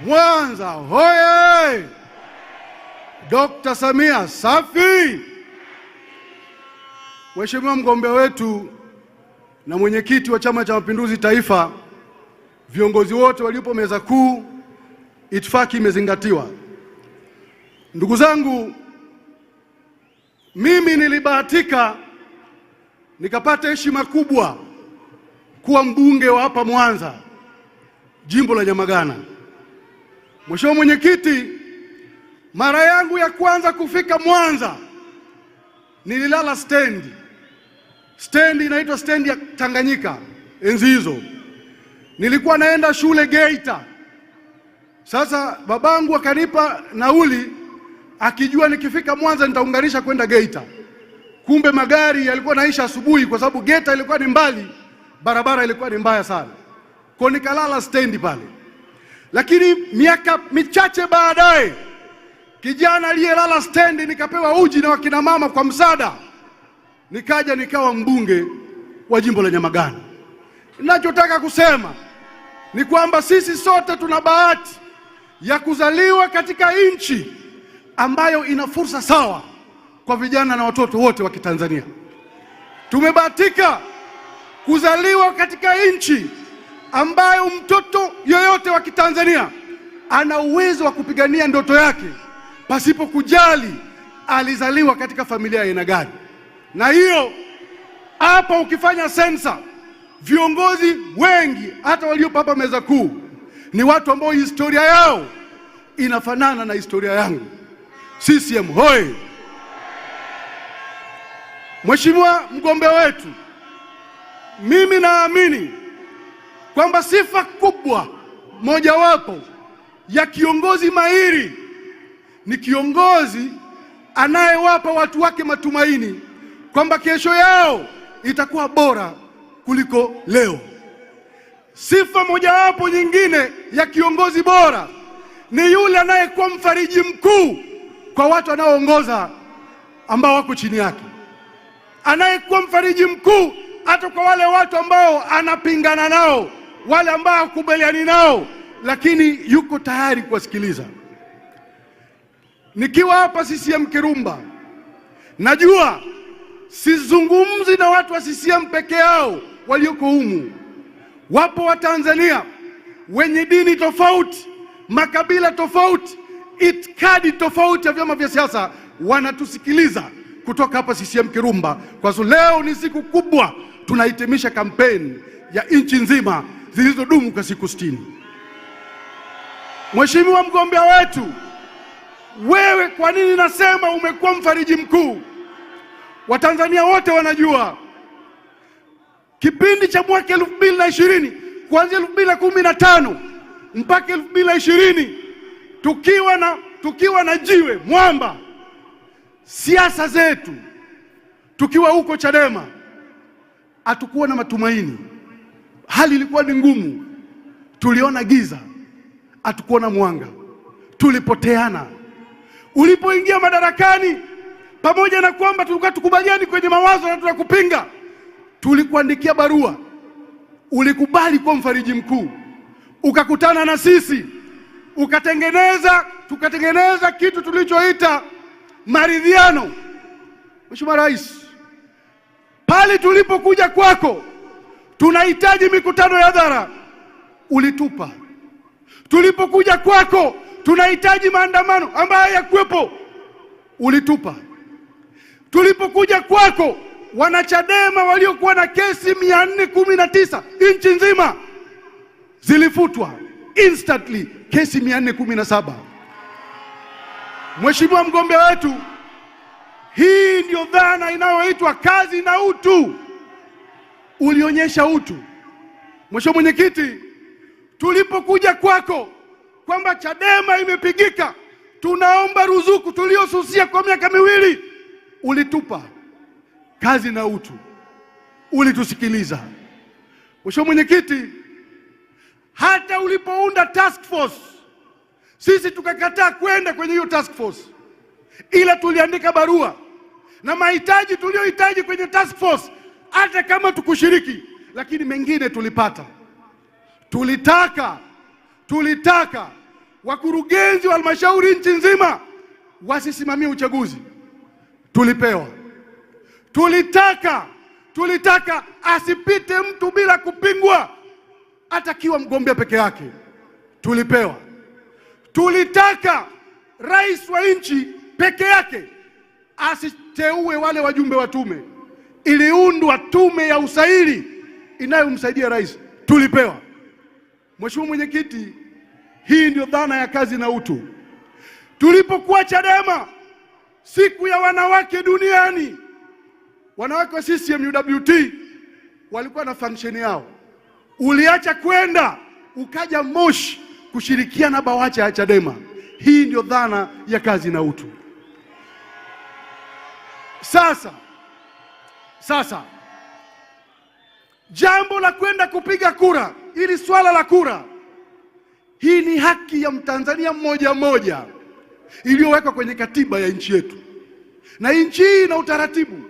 Mwanza hoye! dokta Samia safi! Mheshimiwa mgombea wetu na mwenyekiti wa Chama cha Mapinduzi Taifa, viongozi wote waliopo meza kuu, itifaki imezingatiwa. Ndugu zangu, mimi nilibahatika nikapata heshima kubwa kuwa mbunge wa hapa Mwanza, jimbo la Nyamagana. Mheshimiwa Mwenyekiti, mara yangu ya kwanza kufika Mwanza nililala stendi. Stendi inaitwa stendi ya Tanganyika enzi hizo. Nilikuwa naenda shule Geita. Sasa babangu akanipa nauli akijua nikifika Mwanza nitaunganisha kwenda Geita. Kumbe magari yalikuwa naisha asubuhi, kwa sababu Geita ilikuwa ni mbali, barabara ilikuwa ni mbaya sana, kwa nikalala stendi pale. Lakini miaka michache baadaye kijana aliyelala stendi nikapewa uji na wakina mama kwa msaada, nikaja nikawa mbunge wa jimbo la Nyamagana. Ninachotaka kusema ni kwamba sisi sote tuna bahati ya kuzaliwa katika nchi ambayo ina fursa sawa kwa vijana na watoto wote wa Kitanzania. Tumebahatika kuzaliwa katika nchi ambayo mtoto yoyote wa Kitanzania ana uwezo wa kupigania ndoto yake pasipo kujali alizaliwa katika familia ya aina gani. Na hiyo hapa, ukifanya sensa, viongozi wengi hata waliopo hapa meza kuu ni watu ambao historia yao inafanana na historia yangu. CCM hoye! Mheshimiwa mgombea wetu, mimi naamini kwamba sifa kubwa mojawapo ya kiongozi mahiri ni kiongozi anayewapa watu wake matumaini kwamba kesho yao itakuwa bora kuliko leo. Sifa mojawapo nyingine ya kiongozi bora ni yule anayekuwa mfariji mkuu kwa watu wanaoongoza ambao wako chini yake, anayekuwa mfariji mkuu hata kwa wale watu ambao anapingana nao wale ambao hakubaliani nao, lakini yuko tayari kuwasikiliza. Nikiwa hapa CCM Kirumba, najua sizungumzi na watu wa CCM peke yao walioko humu. Wapo Watanzania wenye dini tofauti, makabila tofauti, itikadi tofauti ya vyama vya siasa wanatusikiliza kutoka hapa CCM Kirumba, kwa sababu leo ni siku kubwa tunahitimisha kampeni ya nchi nzima zilizodumu kwa siku sitini. Mheshimiwa mgombea wetu, wewe kwa nini nasema umekuwa mfariji mkuu? Watanzania wote wanajua kipindi cha mwaka elfu mbili na ishirini kuanzia elfu mbili na kumi na tano mpaka elfu mbili na ishirini tukiwa na, tukiwa na jiwe mwamba siasa zetu tukiwa huko Chadema hatukuwa na matumaini. Hali ilikuwa ni ngumu, tuliona giza, hatukuona mwanga, tulipoteana. Ulipoingia madarakani, pamoja na kwamba tulikuwa tukubaliani kwenye mawazo na tunakupinga, tulikuandikia barua, ulikubali kuwa mfariji mkuu, ukakutana na sisi, ukatengeneza tukatengeneza kitu tulichoita maridhiano. Mheshimiwa Rais, pale tulipokuja kwako tunahitaji mikutano ya hadhara, ulitupa. Tulipokuja kwako, tunahitaji maandamano ambayo hayakuwepo, ulitupa. Tulipokuja kwako, wanachadema waliokuwa na kesi mia nne kumi na tisa nchi nzima zilifutwa instantly, kesi mia nne kumi na saba. Mheshimiwa mgombea wetu, hii ndio dhana inayoitwa kazi na utu ulionyesha utu. Mheshimiwa Mwenyekiti, tulipokuja kwako kwamba Chadema imepigika, tunaomba ruzuku tuliosusia kwa miaka miwili, ulitupa kazi na utu, ulitusikiliza. Mheshimiwa Mwenyekiti, hata ulipounda task force sisi tukakataa kwenda kwenye hiyo task force, ila tuliandika barua na mahitaji tuliyohitaji kwenye task force hata kama tukushiriki, lakini mengine tulipata. Tulitaka, tulitaka wakurugenzi wa halmashauri nchi nzima wasisimamie uchaguzi, tulipewa. Tulitaka, tulitaka asipite mtu bila kupingwa, hata mgombea peke yake, tulipewa. Tulitaka rais wa nchi peke yake asiteue wale wajumbe wa tume iliundwa tume ya usaili inayomsaidia rais, tulipewa. Mheshimiwa Mwenyekiti, hii ndio dhana ya kazi na utu. Tulipokuwa Chadema, siku ya wanawake duniani, wanawake wa CCM UWT walikuwa na function yao, uliacha kwenda ukaja Moshi kushirikiana BAWACHA ya Chadema. Hii ndio dhana ya kazi na utu. Sasa sasa jambo la kwenda kupiga kura, ili swala la kura hii ni haki ya mtanzania mmoja mmoja iliyowekwa kwenye katiba ya nchi yetu, na nchi hii ina utaratibu.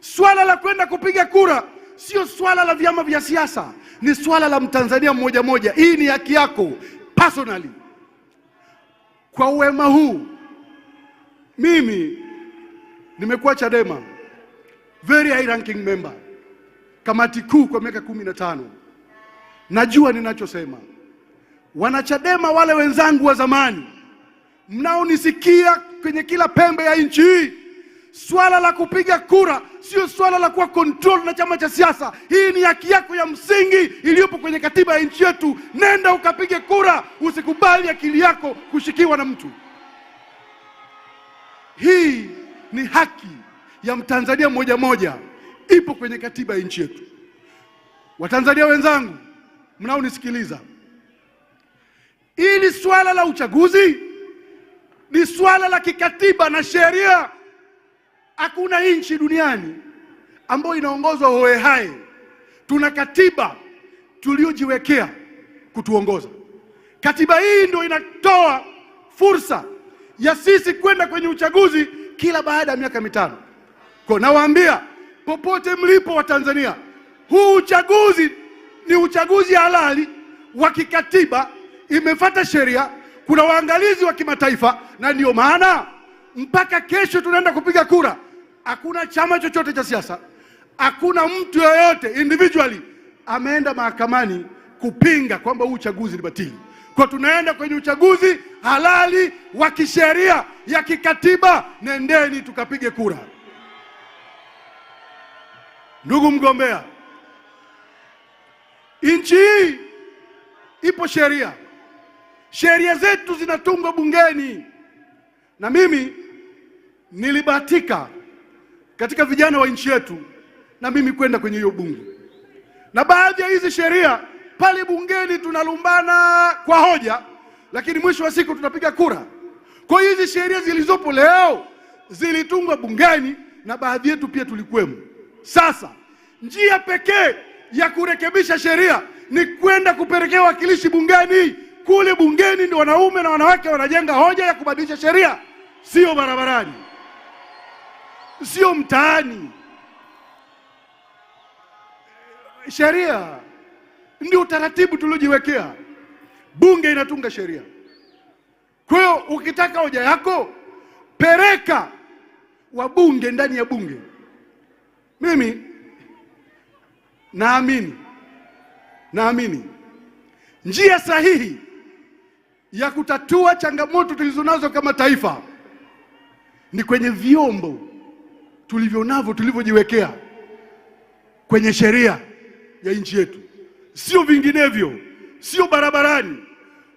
Swala la kwenda kupiga kura sio swala la vyama vya siasa, ni swala la mtanzania mmoja mmoja. Hii ni haki yako personally. Kwa uwema huu, mimi nimekuwa Chadema very high ranking member kamati kuu kwa miaka kumi na tano. Najua ninachosema. Wanachadema wale wenzangu wa zamani, mnaonisikia kwenye kila pembe ya nchi hii, swala la kupiga kura sio swala la kuwa control na chama cha siasa. Hii ni haki yako ya msingi iliyopo kwenye katiba ya nchi yetu. Nenda ukapige kura, usikubali akili yako kushikiwa na mtu. Hii ni haki ya mtanzania mmoja mmoja ipo kwenye katiba ya nchi yetu. Watanzania wenzangu mnaonisikiliza, ili swala la uchaguzi ni swala la kikatiba na sheria. Hakuna nchi duniani ambayo inaongozwa hohe hai, Tuna katiba tuliojiwekea kutuongoza. Katiba hii ndio inatoa fursa ya sisi kwenda kwenye uchaguzi kila baada ya miaka mitano. Kwa nawaambia popote mlipo wa Tanzania, huu uchaguzi ni uchaguzi halali wa kikatiba, imefuata sheria, kuna waangalizi wa kimataifa, na ndio maana mpaka kesho tunaenda kupiga kura. Hakuna chama chochote cha siasa, hakuna mtu yoyote individually ameenda mahakamani kupinga kwamba huu uchaguzi ni batili. Kwa tunaenda kwenye uchaguzi halali wa kisheria ya kikatiba. Nendeni tukapige kura. Ndugu mgombea, nchi hii ipo sheria, sheria zetu zinatungwa bungeni, na mimi nilibahatika katika vijana wa nchi yetu na mimi kwenda kwenye hiyo bunge, na baadhi ya hizi sheria pale bungeni tunalumbana kwa hoja, lakini mwisho wa siku tunapiga kura. Kwa hizi sheria zilizopo leo zilitungwa bungeni na baadhi yetu pia tulikwemo. Sasa njia pekee ya kurekebisha sheria ni kwenda kupelekea wakilishi bungeni. Kule bungeni ndio wanaume na wanawake wanajenga hoja ya kubadilisha sheria, sio barabarani, sio mtaani. Sheria ndio utaratibu tuliojiwekea. Bunge inatunga sheria. Kwa hiyo ukitaka hoja yako peleka wabunge ndani ya bunge. Mimi naamini naamini njia sahihi ya kutatua changamoto tulizonazo kama taifa ni kwenye vyombo tulivyonavyo tulivyojiwekea kwenye sheria ya nchi yetu, sio vinginevyo, sio barabarani.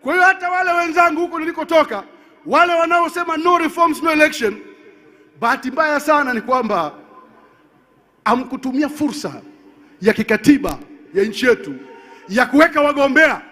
Kwa hiyo hata wale wenzangu huko nilikotoka, wale wanaosema no reforms no election, bahati mbaya sana ni kwamba amkutumia fursa ya kikatiba ya nchi yetu ya kuweka wagombea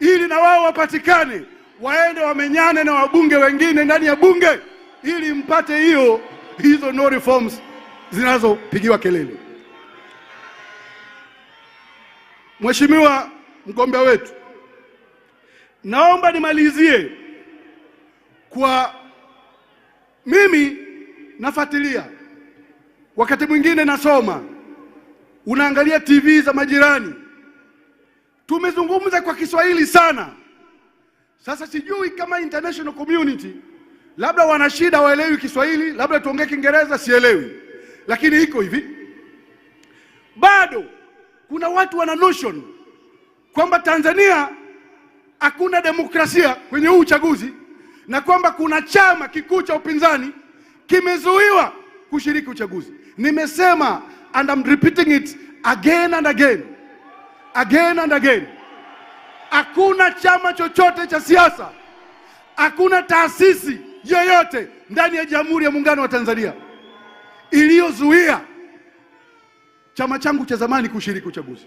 ili na wao wapatikane waende wamenyane na wabunge wengine ndani ya bunge ili mpate hiyo hizo no reforms zinazopigiwa kelele. Mheshimiwa mgombea wetu, naomba nimalizie kwa mimi nafuatilia Wakati mwingine nasoma, unaangalia TV za majirani, tumezungumza kwa Kiswahili sana. Sasa sijui kama international community labda wana shida, waelewi Kiswahili, labda tuongee Kiingereza, sielewi, lakini iko hivi, bado kuna watu wana notion kwamba Tanzania hakuna demokrasia kwenye huu uchaguzi na kwamba kuna chama kikuu cha upinzani kimezuiwa kushiriki uchaguzi. Nimesema and I'm repeating it again and again. Again and again. Hakuna chama chochote cha siasa, hakuna taasisi yoyote ndani ya Jamhuri ya Muungano wa Tanzania iliyozuia chama changu cha zamani kushiriki uchaguzi.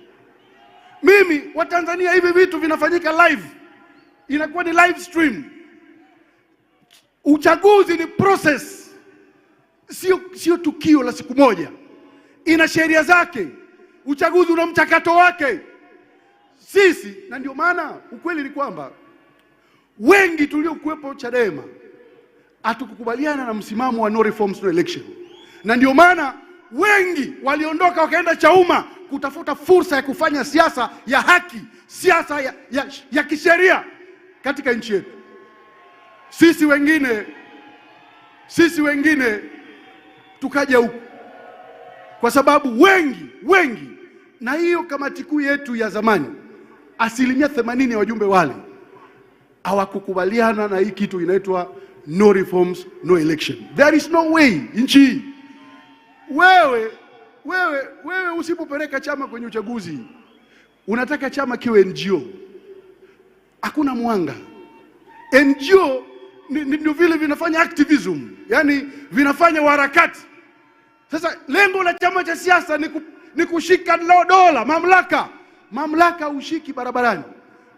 Mimi wa Tanzania, hivi vitu vinafanyika live, inakuwa ni live stream. Uchaguzi ni process sio sio tukio la siku moja, ina sheria zake. Uchaguzi una mchakato wake. Sisi na ndio maana ukweli ni kwamba wengi tuliokuwepo Chadema hatukukubaliana na msimamo wa no reforms no election, na ndio maana wengi waliondoka wakaenda Chauma kutafuta fursa ya kufanya siasa ya haki, siasa ya, ya, ya kisheria katika nchi yetu. Sisi wengine sisi wengine tukaja huku, kwa sababu wengi wengi, na hiyo kamati kuu yetu ya zamani, asilimia themanini ya wajumbe wale hawakukubaliana na hii kitu inaitwa no reforms no election. There is no way nchi hii wewe wewe wewe usipopeleka chama kwenye uchaguzi, unataka chama kiwe NGO, hakuna mwanga. NGO ndio vile vinafanya activism, yani vinafanya uharakati sasa lengo la chama cha siasa ni, ku, ni kushika dola, mamlaka. Mamlaka ushiki barabarani,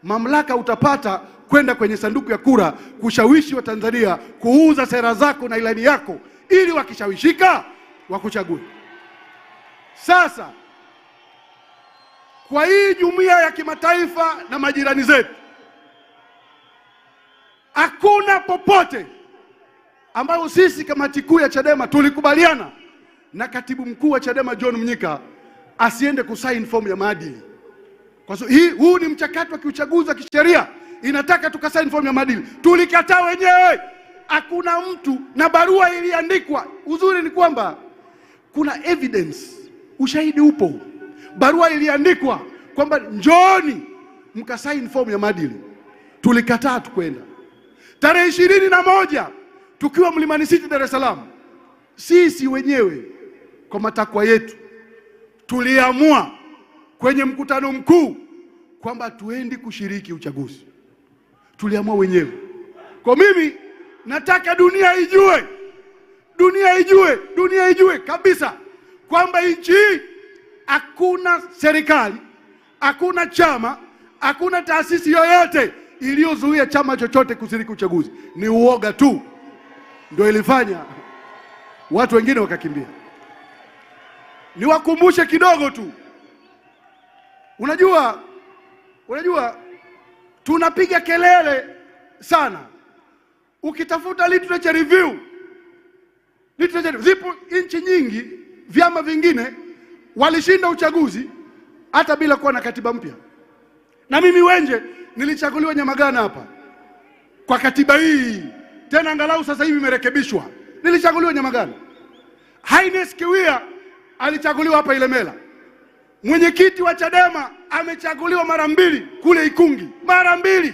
mamlaka utapata kwenda kwenye sanduku ya kura kushawishi Watanzania kuuza sera zako na ilani yako, ili wakishawishika wakuchague. Sasa kwa hii jumuiya ya kimataifa na majirani zetu, hakuna popote ambayo sisi kamati kuu ya Chadema tulikubaliana na katibu mkuu wa Chadema John Mnyika asiende kusaini fomu ya maadili, kwa sababu hii, huu ni mchakato wa kiuchaguzi wa kisheria, inataka tukasaini fomu ya maadili. Tulikataa wenyewe, hakuna mtu na barua iliandikwa. Uzuri ni kwamba kuna evidence, ushahidi upo, barua iliandikwa kwamba njooni mkasaini fomu ya maadili. Tulikataa tukwenda. Tarehe ishirini na moja tukiwa Mlimani City Dar es Salaam, sisi wenyewe kwa matakwa yetu. Tuliamua kwenye mkutano mkuu kwamba tuendi kushiriki uchaguzi, tuliamua wenyewe. Kwa mimi nataka dunia ijue, dunia ijue, dunia ijue kabisa kwamba nchi hii hakuna serikali, hakuna chama, hakuna taasisi yoyote iliyozuia chama chochote kushiriki uchaguzi. Ni uoga tu ndio ilifanya watu wengine wakakimbia niwakumbushe kidogo tu. Unajua, unajua tunapiga kelele sana. Ukitafuta literature review, literature zipo nchi nyingi, vyama vingine walishinda uchaguzi hata bila kuwa na katiba mpya. Na mimi Wenje nilichaguliwa Nyamagana hapa kwa katiba hii, tena angalau sasa hivi imerekebishwa. Nilichaguliwa Nyamagana. Haines Kiwia alichaguliwa hapa Ilemela. Mwenyekiti wa Chadema amechaguliwa mara mbili kule Ikungi, mara mbili,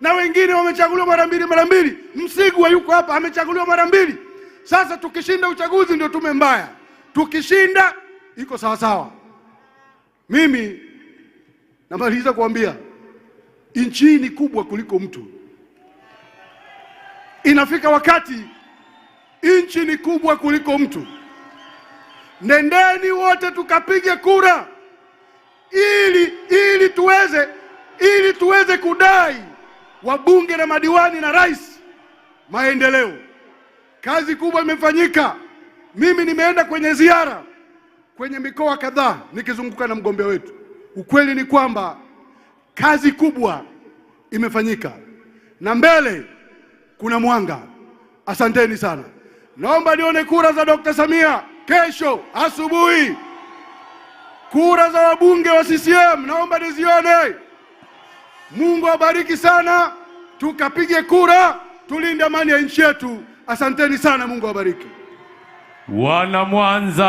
na wengine wamechaguliwa mara mbili mara mbili. Msigwa yuko hapa, amechaguliwa mara mbili. Sasa tukishinda uchaguzi ndio tume mbaya, tukishinda iko sawasawa. Mimi namaliza kuambia nchi hii ni kubwa kuliko mtu. Inafika wakati nchi ni kubwa kuliko mtu nendeni wote tukapige kura ili ili tuweze ili tuweze kudai wabunge na madiwani na rais maendeleo. Kazi kubwa imefanyika. Mimi nimeenda kwenye ziara kwenye mikoa kadhaa nikizunguka na mgombea wetu. Ukweli ni kwamba kazi kubwa imefanyika na mbele kuna mwanga. Asanteni sana, naomba nione kura za Dr. Samia kesho asubuhi kura za wabunge wa CCM naomba nizione. Mungu abariki sana, tukapige kura, tulinde amani ya nchi yetu. Asanteni sana, Mungu awabariki wana Mwanza.